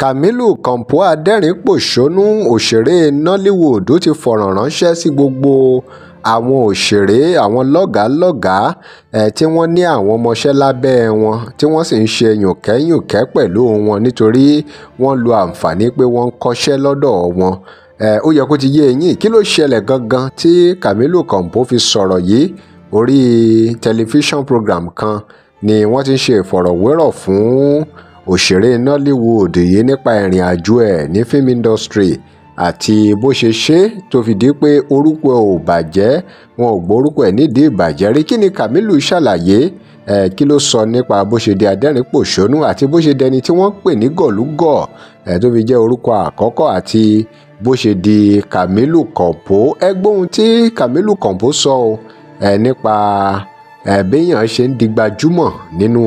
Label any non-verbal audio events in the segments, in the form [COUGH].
kamilu kọ̀ǹpùà adẹ́rìn-ín-pọ̀ṣónú òṣèré nollywood ti fọ̀rọ̀ ránṣẹ́ sí gbogbo àwọn òṣèré àwọn lọ́gàá-lọ́gàá um tí wọ́n ní àwọn ọmọọṣẹ́ lábẹ́ wọn tí wọ́n sì ń ṣe yùnkẹ́-yùnkẹ́ pẹ̀lú wọn nítorí wọ́n lo àǹfààní pé wọ́n ń kọ́ṣẹ́ lọ́dọ̀ wọn ó yẹ kó ti yé eyín kí ló ṣẹlẹ̀ gangan tí kamilu kọ̀ǹpó fi sọ̀rọ̀ yìí orí tẹlifíṣàn program kan ni wọ́n ti ń ṣe ìfọ̀rọ̀wérọ̀ fún òṣèré nollywood yìí nípa ìrìn àjò ẹ̀ ní film industry àti bó ṣe ṣe tó fi di pé orúkọ ò bàjẹ́ wọn ò gbórúkọ ẹ̀ nídìí ìbàjẹ́ rí kí ni Kamilu ṣàlàyé ẹ eh, kí ló sọ nípa bó ṣe di adẹ́rìn-pòṣónú àti bó ṣe dẹni tí wọ́n pè ní gọ̀lúgọ̀ ẹ tó fi jẹ́ orúkọ àkọ́kọ́ àti bó ṣe di Kamilu Kompo ẹ gbóhun tí Kamilu Kompo sọ ọ ẹ nípa ẹ béèyàn ṣe ń di gbajúmọ̀ nínú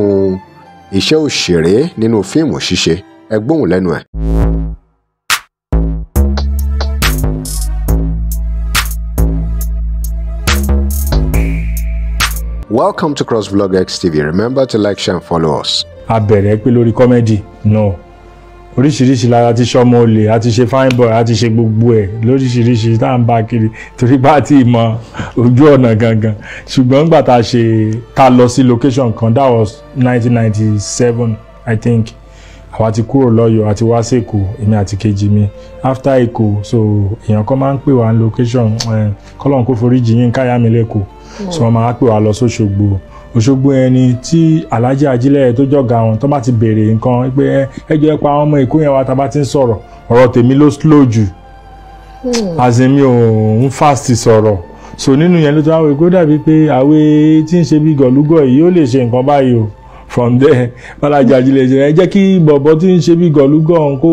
iṣẹ́ òṣèré nínú fíìmù ṣíṣe ẹ lẹ́nu ẹ̀. Welcome to CrossVlogX XTV. Remember to like, share and follow us. A bẹ̀rẹ̀ pé lórí kọ́mẹ́dì náà. No oríṣiríṣi lára ti ṣọmọ olè àti ṣe fine boy àti ṣe gbogbo ẹ̀ lóríṣiríṣi tá à ń bá kiri torí bá ti mọ ojú ọ̀nà gangan ṣùgbọ́n nígbà tá a ṣe tá lọ sí location kan that was 1997 i think àwa ti kúrò lọ́yọ̀ọ́ àti wá sèkó èmi àti kejì mi after èkó so èèyàn kan máa ń pè wá ní location eh, kọ́lọ́n kó foríjì yín káyà mi lẹ́kọ̀ọ́ so wọ́n máa pè wá lọ sóṣogbo. So, Òṣogbo ẹni tí Alhaji Ajílẹ̀ tó jọ̀gá wọn tó bá ti béèrè nǹkan pé ẹjọ́ ẹ pa ọmọ Èkó yẹn wa tá bá ti ń sọ̀rọ̀ ọ̀rọ̀ tèmi ló slow jù àzẹ̀mí hmm. ò ń fast sọ̀rọ̀ so nínú yẹn ló tó àwọn Èkó dàbí pé àwé tí ń ṣe bí gọ̀lúgọ̀ yìí ó lè ṣe nǹkan báyìí o from there balaji [LAUGHS] ajile ṣe ẹ jẹ́ kí bọ̀bọ̀ tí ń ṣe bí gọ̀lúgọ̀ ọ̀hún kó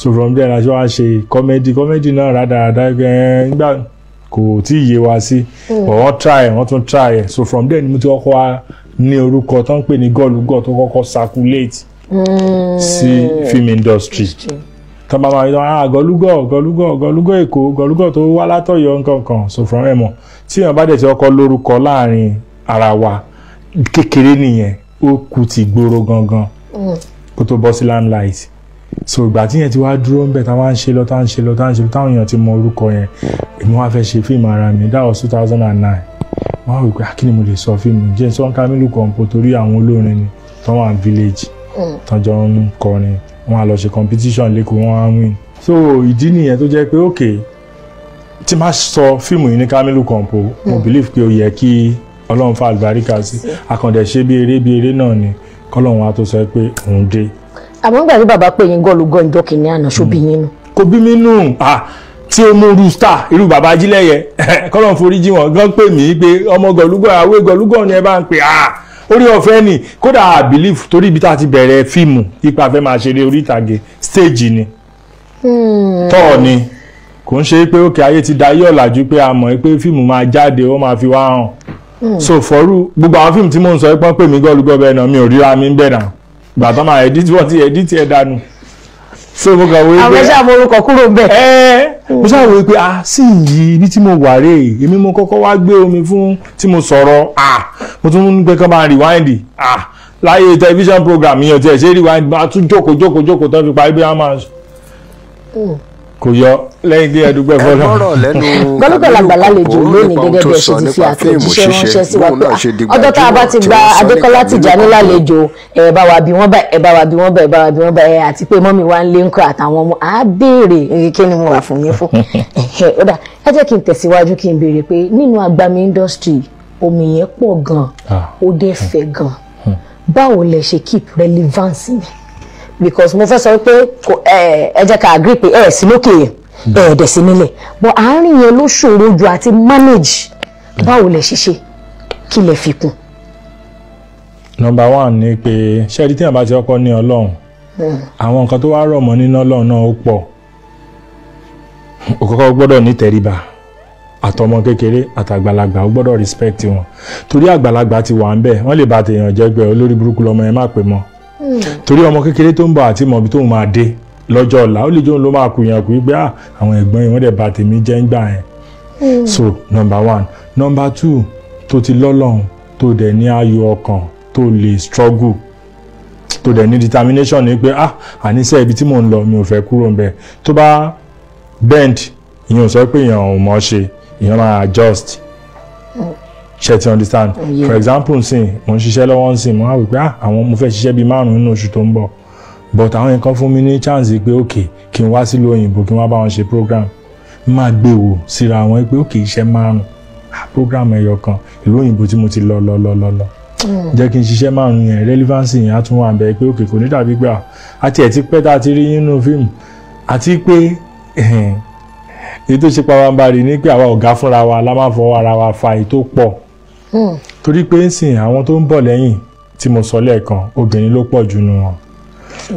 so from there la ṣe wá ṣe kọ́mẹ́dì kọ́mẹ́dì náà rádaràda gan-an kò tí yé wa sí mm. but wọ́n try wọ́n tún try so from there ni mo ti kọ́kọ́ wá ní orúkọ tó ń pè ní gọ́ọ̀lùgọ́ọ̀ tó kọ́kọ́ circulate mm. sí film industry tó bá máa ń yan ah gọ́ọ̀lùgọ́ọ̀ gọ́ọ̀lùgọ́ọ̀ gọ́ọ̀lùgọ́ọ̀ èkó gọ́ọ̀lùgọ́ọ̀ tó wá látọ̀yọ́ nǹkan kan so from there mọ̀ tí èèyàn bá dẹ̀ ti kọ́kọ́ lórúkọ láàrin ara wa kékeré nìyẹn ó kù ti gbòòrò gangan mm. kó tó bọ́ sí landline so ìgbà tí yẹn ti wá dúró ń bẹ̀ tá a máa ń ṣe lọ tá a ń ṣe lọ tá a ń ṣe lọ táwọn èèyàn ti mọ orúkọ yẹn èmi wá fẹ́ ṣe fíìmù ara mi that was two thousand and nine wọ́n á wò pé akíni ah, mo lè sọ fíìmù jẹ́ sọ́n Kamilu Kompo torí àwọn olórin ni tán wà ní village mm. tán jọ ń kọrin wọ́n á lọ ṣe competition lẹ́kọ̀ọ́ wọ́n á win so ìdí nìyẹn tó jẹ́ pé okay tí máa sọ fíìmù yìí ní Kamilu Kompo mo mm. believe pé ó yẹ kí ọlọ́run fa àlùbáríkà sí àkàndẹ̀ ṣe bí eré bí eré náà ni kọ́lọ́run wa tó sọ pé òun dé àmọ́ nígbà tí bàbá pè yín gọ́ọ̀lù gọ́ọ̀ ìjọ kìíní àná ṣóbi yín nù. kò bí mi nù tí ó mú rú star irú bàbá ajílẹ̀yẹ [LAUGHS] kọ́lọ́n forí jí wọn gan pè mí pé ọmọ gọ̀lúgọ̀ àwé gọ̀lúgọ̀ ni ẹ bá ń pè orí ọ̀fẹ́ ni kódà i believe torí ibi tá a ti bẹ̀rẹ̀ fíìmù ipa fẹ́ máa ṣeré orí ìtàgé stage ni hmm. tọ́ọ̀ ni kò ń ṣe pé òkè ayé ti dayé ọ̀làjú pé a mọ̀ pé fíìmù máa jáde ó máa fi wá hàn hmm. so fọ́rú gbogbo àwọn fíìmù tí mò ń sọ pé pè mí gọ́lúgọ́ bẹ́ẹ̀ náà mi ò ríra mi ń bẹ̀ náà gbàtà máa edit wọ́n ti edit ẹ̀ dànù so mo kàn wọ́n pé àwọn ẹ̀ṣẹ́ àmọ́rúkọ kúrò bẹ́ẹ̀. ẹ mo ṣáà wọ́n pé ah sí yìí ibi tí mo wà rè é èmi mo kọ́kọ́ wá gbé omi fún tí mo sọ̀rọ̀ ah mo tún ń gbé kán máa rewind ah láyé tẹlifíṣàn program yẹn ti ẹ̀ ṣe rewind máa tún jókòó jókòó jókòó tó fi parí bí wọ́n máa. Hmm kò yọ lẹ́yìn bí ẹdúgbẹ́ fọlọ́. ẹ̀rọ lẹ́nu [LAUGHS] gbọ́dọ̀gbọ́ làgbàlá lè jò lónìí gẹ́gẹ́ bí ẹ̀ṣẹ̀ ti fi àtẹ̀jíṣẹ́ ránṣẹ́ sí wa pé ah, ọjọ́ tá a bá ti gba Adékọ́lá Tìjání lálejò ẹ̀ bá wa bí wọ́n bá ẹ̀ bá wa bí wọ́n bá ẹ̀ bá wa bí wọ́n bá ẹ̀ àti pé mọ́mí wa ń lé ńkọ́ àtàwọn ọmọ á béèrè kí ni mo wà fún yín fún. [LAUGHS] ó dà ẹ jẹ́ kí n tẹ̀síwájú kí n béèrè pé nínú agbami industry omi yẹn pọ̀ gan-an ah. ó dẹ́ fẹ̀ gan-an hmm. báwo lẹ ṣe keep relevance yẹn because mo fẹ́ sọ pé ẹ jẹ́ ká agree pé ẹ sí lókè yẹn ẹ dẹ̀ sí nílẹ̀ but àárín yẹn ló ṣòro ju àti manage báwo lẹ ṣe ṣe kí lẹ fi kún. number one ni pé ṣẹ́ẹ́dí tí àbá ti ọkọ ní ọlọ́run hmm. àwọn nǹkan tó wá rọ̀ mọ́ nínú ọlọ́run náà ó pọ̀ o kọ́kọ́ gbọ́dọ̀ ní tẹríba àtọmọ kékeré àtàgbàlagbà ó gbọ́dọ̀ respect wọn torí àgbàlagbà ti wà ń bẹ̀ wọ́n lè ba tèèyàn jẹ́ olórí burúkú lọmọ yẹn má pè mọ́ torí ọmọ kékeré tó ń bọ̀ àti mọ̀bí tó ń máa dé lọ́jọ́ ọ̀la ó lè jóun ló máa kùyàn kú pé ah, àwọn ẹ̀gbọ́n yìí wọ́n dẹ̀ bà tèmi jẹ́ ń gbà yẹn. Hmm. so number one number two tó ti lọ́lọ́run tó dẹ̀ ní ayọ̀ ọkàn tó lè struggle tó dẹ̀ ní determination ni pé ah àníṣe ibi tí mò ń lọ mi ò fẹ́ kúrò ń bẹ̀ tó bá bend ìyẹn ò sọ pé èèyàn ò mọ̀ ṣe èèyàn máa adjust. Hmm ṣètì understand oh, yeah. for example nsìn mo ń ṣiṣẹ́ lọ́wọ́ nsìn mo á wò pé ah àwọn mo fẹ́ ṣiṣẹ́ bíi márùn-ún nínú oṣù tó ń bọ̀ but àwọn yẹn kan fún mi ní chance pé ok kí n wá sílùú òyìnbó kí n wá bá wọn ṣe program máa gbé síra wọn pé ok iṣẹ́ márùn ah, program ẹyọ kan ìlú òyìnbó tí mo ti lọ lọ lọ lọ lọ hmm. jẹ́ kí n ṣiṣẹ́ márùn-ún yẹn relevancy yẹn á tún wà bẹ́ẹ̀ pé ok kò ní dàbí gbà àti ah, ẹ̀ ti pẹ́ tá a ti rí nínú fíìmù àti pé èyí tó ṣe pàwọ́n bá rí ni pé àwa ọ̀gá fúnra wa la máa fọwọ́ ara wa fa èyí pọ̀ Hmm. torí pé ń sìn àwọn tó ń bọ̀ lẹ́yìn tí mo sọ lẹ́ẹ̀kan obìnrin ló pọ̀ jù nù wọn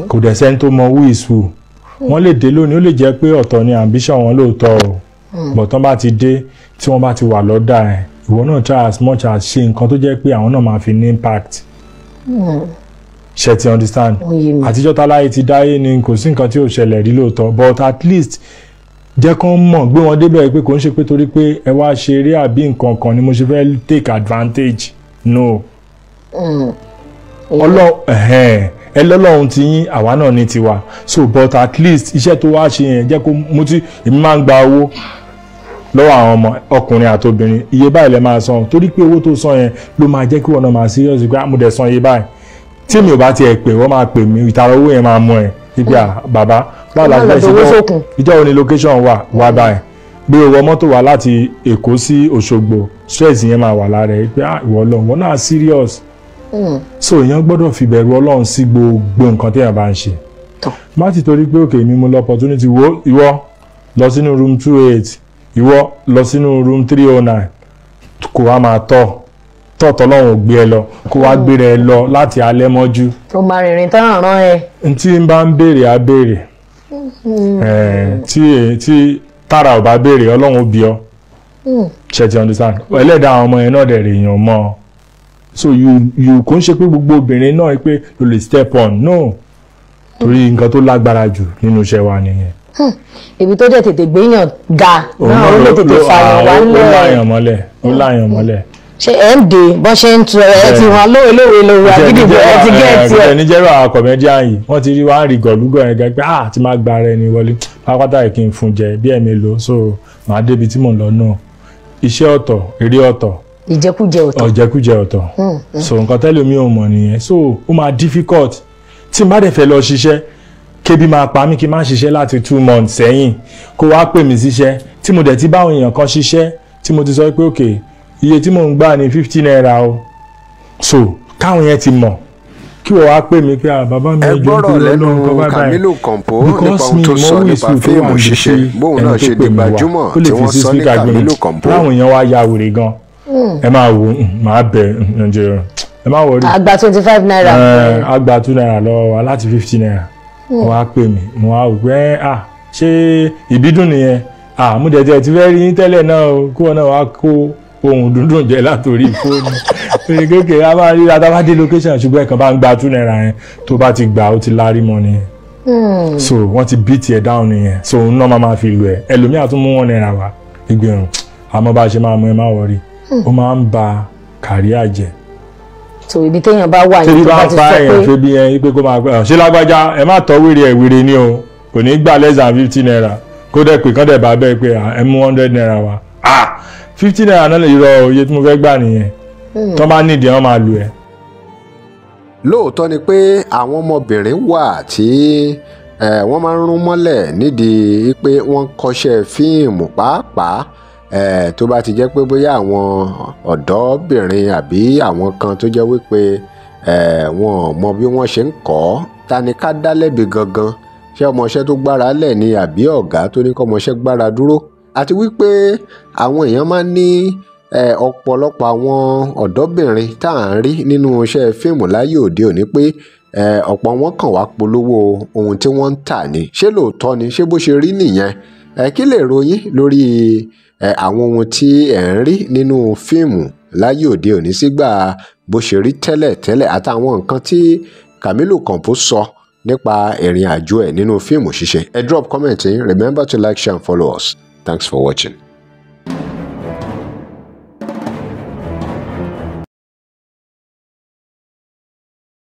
kò dẹ̀ sẹ́ni tó mọ who is who hmm. wọ́n lè dé lónìí ó lè jẹ́ pé ọ̀tọ̀ ni ambition wọn lóòótọ́ o hmm. but tán bá ti dé tí wọ́n bá ti wà lọ́dà ẹ̀ ìwọ náà try as much as ṣe nǹkan tó jẹ́ pé àwọn náà máa fi ní impact ṣe ti understand àtijọ́ táláyé ti dáyé ni kò sí nǹkan tí ò ṣẹlẹ̀ rí lóòótọ́ but at least jẹ́ kán mọ̀ gbé wọn débẹ̀ pé kò ń ṣe pé torí pé ẹ wá ṣe eré àbí nǹkan kan ni mo ṣe fẹ́ take advantage no. Hmm. ọlọ́run ẹ lọ́lọ́run ti yín àwa náà ní tiwa so but at least iṣẹ́ tó wá ṣe yẹn jẹ́ kó mo ti èmi máa ń gba owó lọ́wọ́ àwọn ọmọ ọkùnrin àti obìnrin iye báyìí lè máa san torí pé owó tó san yẹn ló máa jẹ́ kí wọn náà máa serious pé ah, mo dẹ̀ san iye báyìí tí mi ò bá tiẹ̀ pè wọ́n máa pè mí ìtara owó yẹn máa mú ẹ̀ ibi à bàbá báwo la gbèsè kọ́ ìjọ òní location wà wà báyìí bí o wọ mọ́tò láti Èkó sí Òṣogbo stress yẹn máa wà lára ẹ pé ah, ìwọ Ọlọ́run wọn náà serious hmm. so èèyàn gbọ́dọ̀ fìbẹ̀rù Ọlọ́run sí gbogbo nǹkan téèyàn bá ń ṣe má ti torí pé òkè mi mo lọ opportunity wo ìwọ lọ sínú room two eight ìwọ lọ sínú room three oh nine kò wá máa tọ̀ tọ̀tọ̀ lọ́hùn gbé ẹ lọ kó wá hmm. gbé rẹ lọ láti alẹ́ mọ́jú. ó máa rìnrìn tán ràn án ẹ. n tí n bá ń béèrè á béèrè Eh, mm-hmm. tí e, tí tára ò bá béèrè ọlọ́run ó bí ọ ṣe ti understand ẹlẹ́dàá àwọn ọmọ yẹn náà dẹ̀ rèèyàn mọ́ so you you kò ń ṣe pé gbogbo obìnrin náà pé you le step on no torí nǹkan tó lágbára jù nínú iṣẹ́ wa nìyẹn. Hmm. ibi tó jẹ́ tètè gbéyàn ga náà ó lè tètè fààyàn wá lẹ́ẹ̀. Ah, ó láyàn mọ́lẹ̀ ó láyàn mọ́lẹ̀ ṣe ẹ̀ ń dè bọ́n ṣe ń tu ẹ̀ ti hàn lóore lóore lóore àgídìgbò ẹ̀ ti gẹ̀ẹ́tì ẹ̀. ẹni jẹ́rọ àwọn kọ̀mẹ́díàn yìí wọ́n ti rí wá ń rí gọ̀lúgọ̀ yẹn gẹ́gẹ́ ah ti máa gba ara ẹni wọlé pápátá yìí kí n fún jẹ bí ẹ̀mí lo so màá débi tí mò ń lọ náà iṣẹ́ ọ̀tọ̀ eré ọ̀tọ̀ ìjẹkújẹ ọ̀tọ̀ ìjẹkújẹ ọ̀tọ̀ hmm, hmm. so nǹkan tẹ́lẹ̀ mi ò mọ̀ nìyẹn so ó máa difficult tí n bá dẹ̀ fẹ́ lọ ṣiṣẹ́ kébi máa pa mí kí n má ṣiṣẹ́ láti two months sẹ́yìn kó wá pè mí síṣẹ́ tí mo dẹ̀ ti bá àwọn kan ṣiṣẹ́ tí mo ti sọ pé okay iye tí mò ń gbà ní fifty naira o so káwọn yẹn ti mọ̀ kí wọ́n wá pè mí pé ah, bàbá mi ẹjọ́ ń pè lọ́nà nǹkan báyìí Kamilu Kompo nípa ohun tó sọ nípa fíìmù ṣíṣe bóun náà ṣe dìgbà júmọ̀ tí wọ́n sọ ní Kamilu Kompo láwọn èèyàn wá ya wèrè gan ẹ máa wò mm, máa bẹ ǹjẹ́ mm, ẹ máa wọrí. àgbà twenty five naira. àgbà two naira lọ́wọ́ wa láti fifty naira wọ́n wá pè mí mo wá wò pé eh, ah ṣé ìbídùn nìyẹn ah mo dẹ̀ tiẹ̀ ti fẹ́ rí yín tẹ́lẹ̀ náà kó wọn náà wá kó ohun dundun jẹ látòrí fóònù kékeré a máa ríra tá a bá dé location ṣùgbọ́n ẹ̀kan bá ń gba two naira yẹn tó bá ti gbà ó ti lárí mọ́ nìyẹn hmm. so wọ́n ti beat ẹ̀ down nìyẹn so òun náà máa máa fi lù ẹ̀ ẹlòmíà tún mú one naira wá ìgbìyànjú àmọ́ bá a ṣe máa mú ẹ má wọrí hmm. ó máa ń ba kàríà jẹ́ so ibi téèyàn bá wà yẹn tó bá ti sọ pé ṣé bá fa èèyàn ṣe bí ẹyin pé kó máa gbà ṣé lágbájá ẹ má tọ́ wèrè ẹ̀ wèrè ni o kò ní gbà less than fifty naira kó dẹ̀ pé kán dẹ̀ bá bẹ́ẹ̀ pé ẹ mú hundred naira wá fifty naira náà lè rọ iye tí mo fẹ́ gbà nìyẹn hmm. tí wọ́n bá nídìí wọ́n máa lù ẹ́. lóòótọ́ ni pé àwọn ọmọbìnrin wà tí wọ́n máa ń rún mọ́lẹ̀ nídìí pé wọ́n kọ́ṣẹ́ fíìmù pàápàá tó bá ti jẹ́ pé bóyá àwọn ọ̀dọ́bìnrin àbí àwọn kan tó jẹ́ wípé wọn ò mọ bí wọ́n ṣe ń kọ́ ta ni ká dá lẹ́bi gangan ṣé ọmọọṣẹ́ tó gbára lẹ̀ ni àbí ọ̀gá tó ní kọ́mọṣẹ́ gbára dúró àti wípé àwọn èèyàn máa ń ní ọ̀pọ̀lọpọ̀ àwọn ọ̀dọ́bìnrin tá à ń rí nínú iṣẹ́ fíìmù láyé òde òní pé ọ̀pọ̀ wọn kàn wá polówó ohun tí wọ́n ń tà ni ṣé lóòótọ́ ni ṣé bó ṣe rí nìyẹn kí lè ròyìn lórí àwọn ohun tí ẹ̀ ń rí nínú fíìmù láyé òde òní sígbà bó ṣe rí tẹ́lẹ̀ tẹ́lẹ̀ àtàwọn nǹkan tí Kamilu Kampo sọ nípa ìrìn àjò ẹ̀ nínú fíìmù ṣíṣe ẹ drop comment remember to like share and follow us. Thanks for watching.